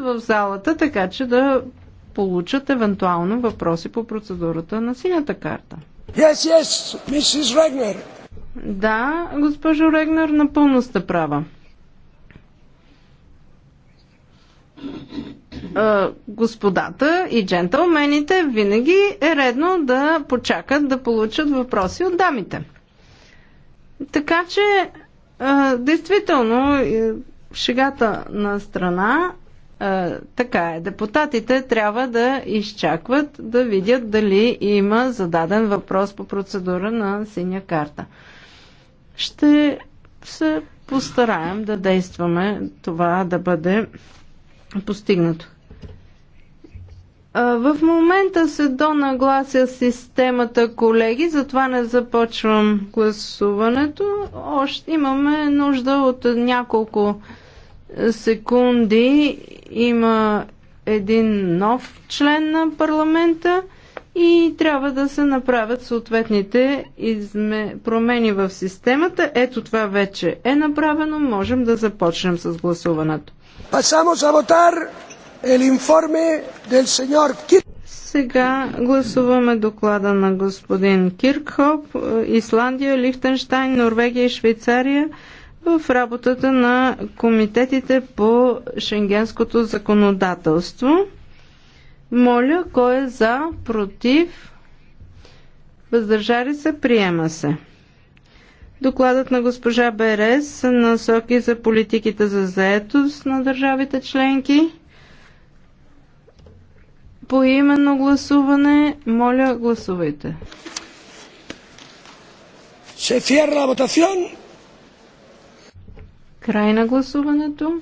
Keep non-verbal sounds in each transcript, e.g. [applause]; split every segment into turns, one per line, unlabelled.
в залата, така че да получат евентуално въпроси по процедурата на синята карта. Yes, yes, Mrs. Regner. Да, госпожо Регнер, напълно сте права. господата и джентълмените винаги е редно да почакат да получат въпроси от дамите. Така че, действително, шегата на страна, така е. Депутатите трябва да изчакват да видят дали има зададен въпрос по процедура на синя карта. Ще се постараем да действаме това да бъде постигнато. В момента се донаглася системата, колеги, затова не започвам гласуването. Още имаме нужда от няколко секунди има един нов член на парламента и трябва да се направят съответните изме... промени в системата. Ето това вече е направено. Можем да започнем с гласуването. Сега гласуваме доклада на господин Киркхоп, Исландия, Лихтенштайн, Норвегия и Швейцария – в работата на комитетите по шенгенското законодателство. Моля, кой е за, против, въздържали се, приема се. Докладът на госпожа Берес насоки за политиките за заетост на държавите членки. По именно гласуване, моля, гласувайте. Се cierra Край на гласуването.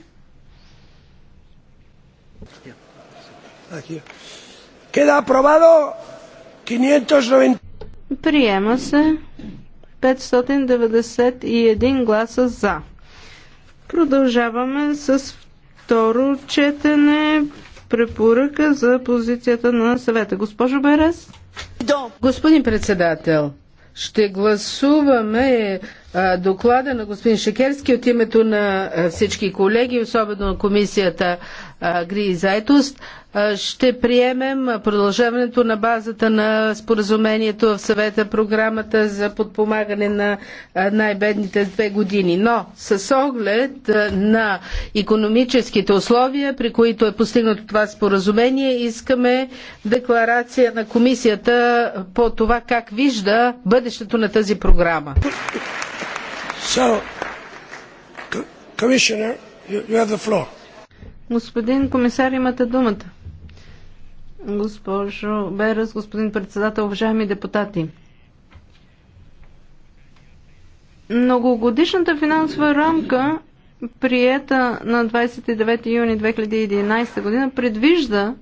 Кеда апробадо
590. Приема се 591 гласа за. Продължаваме с второ четене препоръка за позицията на съвета. Госпожо Берес. Господин председател, ще гласуваме доклада на господин Шекерски от името на всички колеги, особено на комисията гри и заетост, ще приемем продължаването на базата на споразумението в съвета програмата за подпомагане на най-бедните две години. Но с оглед на економическите условия, при които е постигнато това споразумение, искаме декларация на комисията по това как вижда бъдещето на тази програма. So, Commissioner, you have the floor. Господин комисар, имате думата. Госпожо Берес, господин председател, уважаеми депутати. Многогодишната финансова рамка, приета на 29 юни 2011 година, предвижда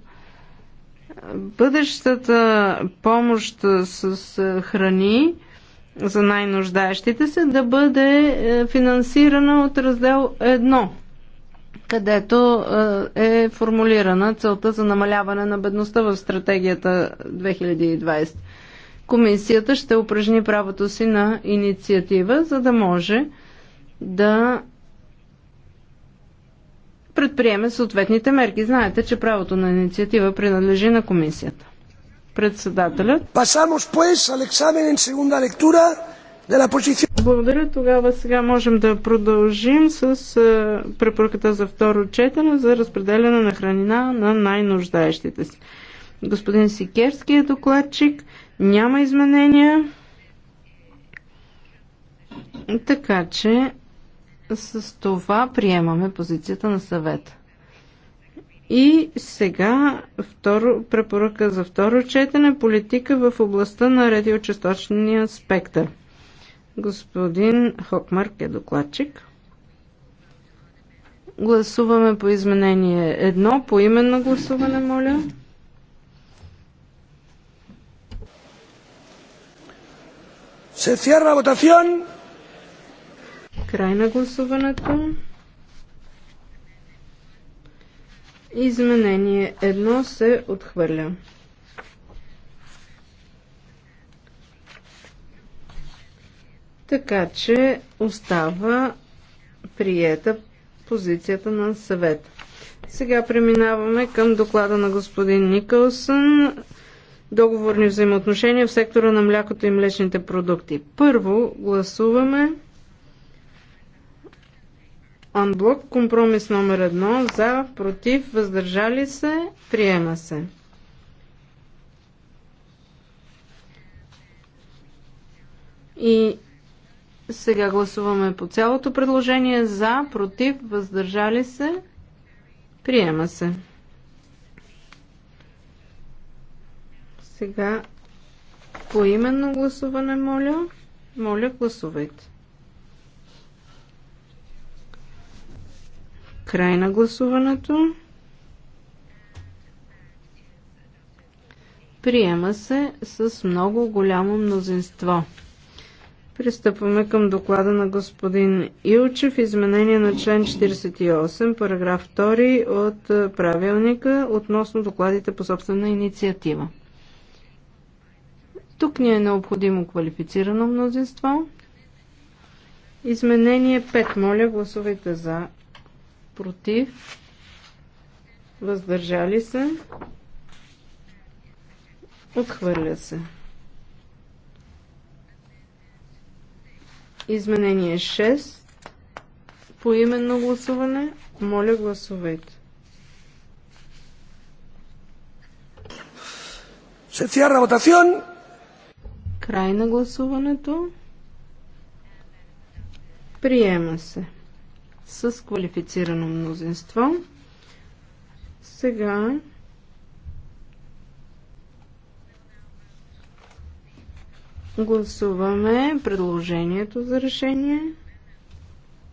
бъдещата помощ с храни за най-нуждаещите се да бъде е, финансирана от раздел където е, е формулирана целта за намаляване на бедността в стратегията 2020. Комисията ще упражни правото си на инициатива, за да може да предприеме съответните мерки. Знаете, че правото на инициатива принадлежи на комисията. Председателят. Pasamos pues al examen en segunda lectura de la posición благодаря. Тогава сега можем да продължим с препоръката за второ четене за разпределяне на хранина на най-нуждаещите си. Господин Сикерски е докладчик. Няма изменения. Така че с това приемаме позицията на съвета. И сега второ, препоръка за второ четене политика в областта на радиочасточния спектър. Господин Хокмарк е докладчик. Гласуваме по изменение едно, по именно гласуване, моля.
Се cierra вотацион.
Край на гласуването. Изменение едно се отхвърля. Така че остава приета позицията на съвета. Сега преминаваме към доклада на господин Никълсън. Договорни взаимоотношения в сектора на млякото и млечните продукти. Първо гласуваме Анблок, компромис номер едно, за, против, въздържали се, приема се. И сега гласуваме по цялото предложение за, против, въздържали се. Приема се. Сега по именно гласуване, моля. Моля, гласувайте. Край на гласуването. Приема се с много голямо мнозинство. Пристъпваме към доклада на господин Илчев. Изменение на член 48, параграф 2 от е, правилника относно докладите по собствена инициатива. Тук ни е необходимо квалифицирано мнозинство. Изменение 5. Моля, гласувайте за. Против. Въздържали се. Отхвърля се. Изменение 6. По именно гласуване. Моля гласувайте. Се цяра вотацион. Край на гласуването. Приема се с квалифицирано мнозинство. Сега Гласуваме предложението за решение.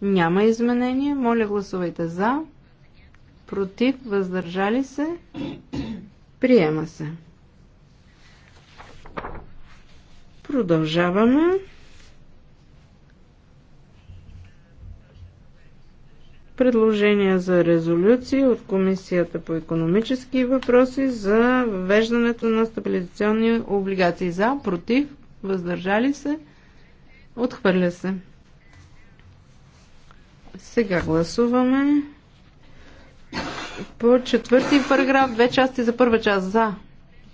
Няма изменения. Моля гласувайте за. Против, въздържали се. Приема се. Продължаваме. предложения за резолюции от Комисията по економически въпроси за въвеждането на стабилизационни облигации за, против, въздържали се, отхвърля се. Сега гласуваме по четвърти параграф, две части за първа част за,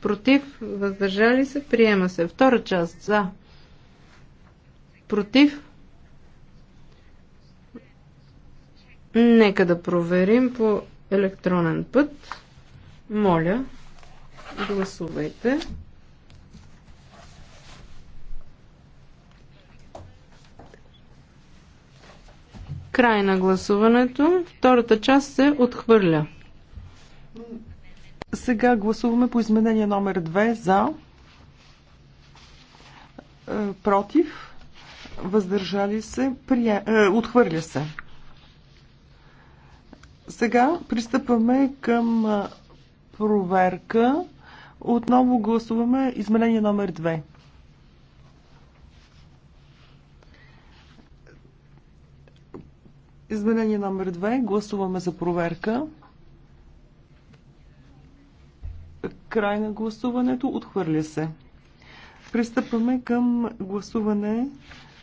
против, въздържали се, приема се. Втора част за, против, нека да проверим по електронен път. Моля, гласувайте. Край на гласуването. Втората част се отхвърля. Сега гласуваме по изменение номер 2 за,
е, против, въздържали се, прия... Е, отхвърля се. Сега пристъпваме към е, проверка. Отново гласуваме изменение номер 2. Изменение номер 2. Гласуваме за проверка. Край на гласуването. Отхвърля се. Пристъпваме към гласуване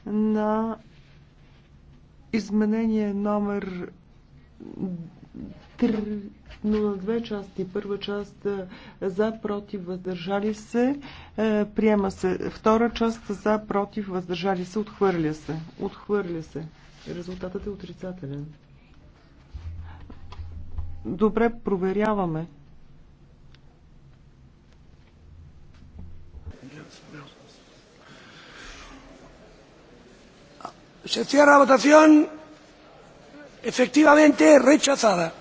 на изменение номер 3, две части. Първа част е, за, против, въздържали се. Е, приема се. Втора част за, против, въздържали се. Отхвърля се. Отхвърля се. Резултатът е отрицателен. Добре, проверяваме. Се cierra la votación. Efectivamente, rechazada.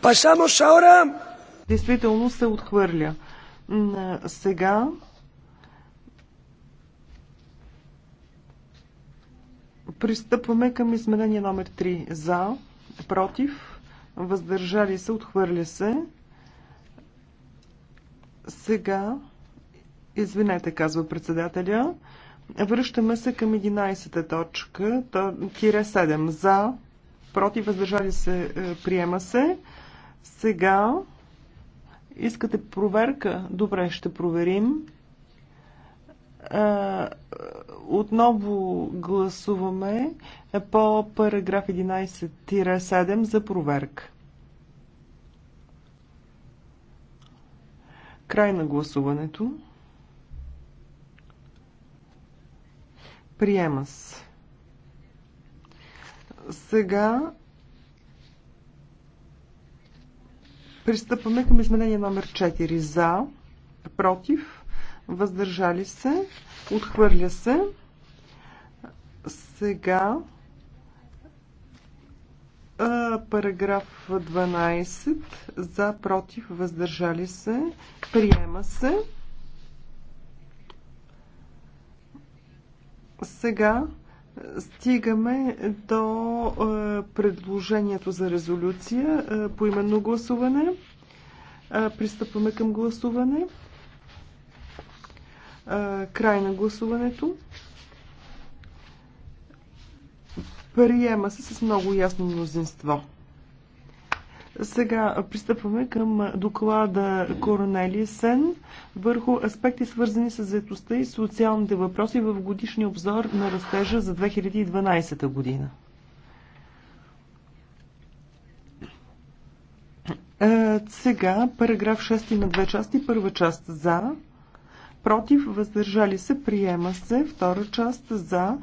Pasamos ahora. Действително се отхвърля. Сега Пристъпваме към изменение номер 3. За, против, въздържали се, отхвърля се. Сега, извинете, казва председателя, връщаме се към 11-та точка, тире 7. За, против, въздържали се, е, приема се. Сега, искате проверка? Добре, ще проверим отново гласуваме по параграф 11-7 за проверка. Край на гласуването. Приема се. Сега пристъпваме към изменение номер 4. За, против, въздържали се, отхвърля се. Сега параграф 12 за, против, въздържали се, приема се. Сега стигаме до предложението за резолюция по именно гласуване. Пристъпваме към гласуване. Край на гласуването. Приема се с много ясно мнозинство. Сега пристъпваме към доклада Сен върху аспекти свързани с заетостта и социалните въпроси в годишния обзор на растежа за 2012 година. Сега параграф 6 на две части. Първа част за, против, въздържали се, приема се. Втора част за,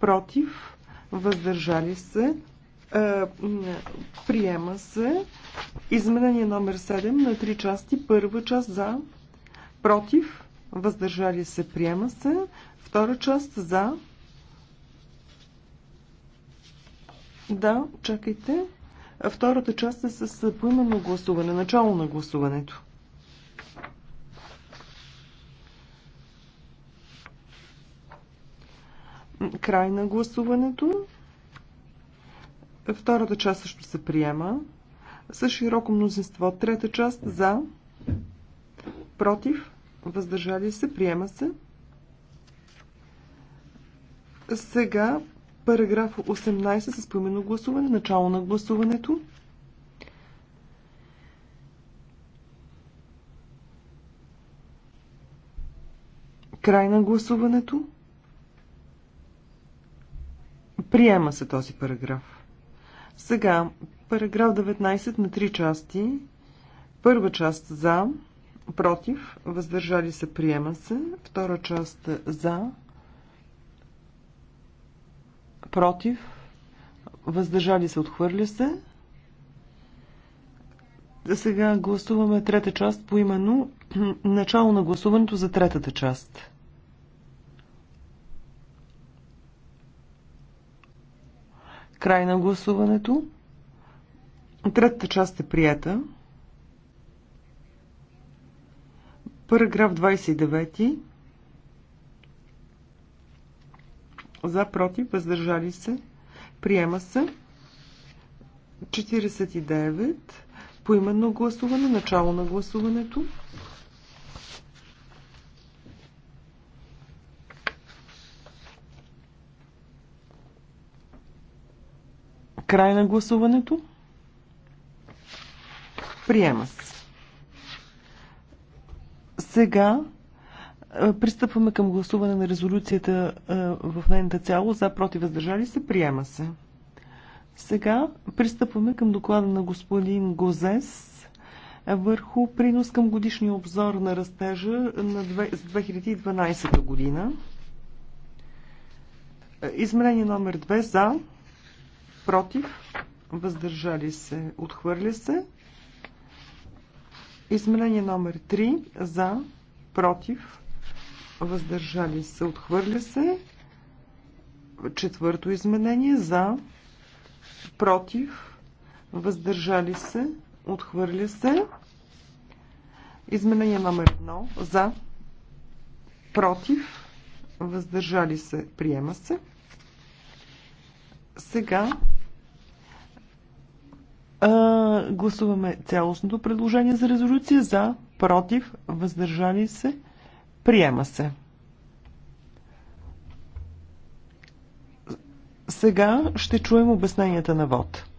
против, въздържали се, е, приема се. Изменение номер 7 на три части. Първа част за, против, въздържали се, приема се. Втора част за. Да, чакайте. Втората част е с поименно гласуване, начало на гласуването. Край на гласуването. Втората част също се приема. С широко мнозинство. Трета част за. Против. Въздържали се. Приема се. Сега параграф 18 с поименно гласуване. Начало на гласуването. Край на гласуването. Приема се този параграф. Сега, параграф 19 на три части. Първа част за, против, въздържали се, приема се. Втора част за, против, въздържали се, отхвърля се. Сега гласуваме трета част по именно [clears throat] начало на гласуването за третата част. Край на гласуването. Третата част е прията. Параграф 29. За, против, въздържали се. Приема се. 49. Поименно гласуване. Начало на гласуването. Край на гласуването. Приема се. Сега пристъпваме към гласуване на резолюцията в нейната цяло. За, против, въздържали се. Приема се. Сега пристъпваме към доклада на господин Гозес върху принос към годишния обзор на растежа на 2012 година. Измерение номер 2 за против, въздържали се, отхвърля се. Изменение номер 3 за, против, въздържали се, отхвърля се. Четвърто изменение за, против, въздържали се, отхвърля се. Изменение номер 1 за, против, въздържали се, приема се. Сега а, гласуваме цялостното предложение за резолюция за, против, въздържали се, приема се. Сега ще чуем обясненията на вод.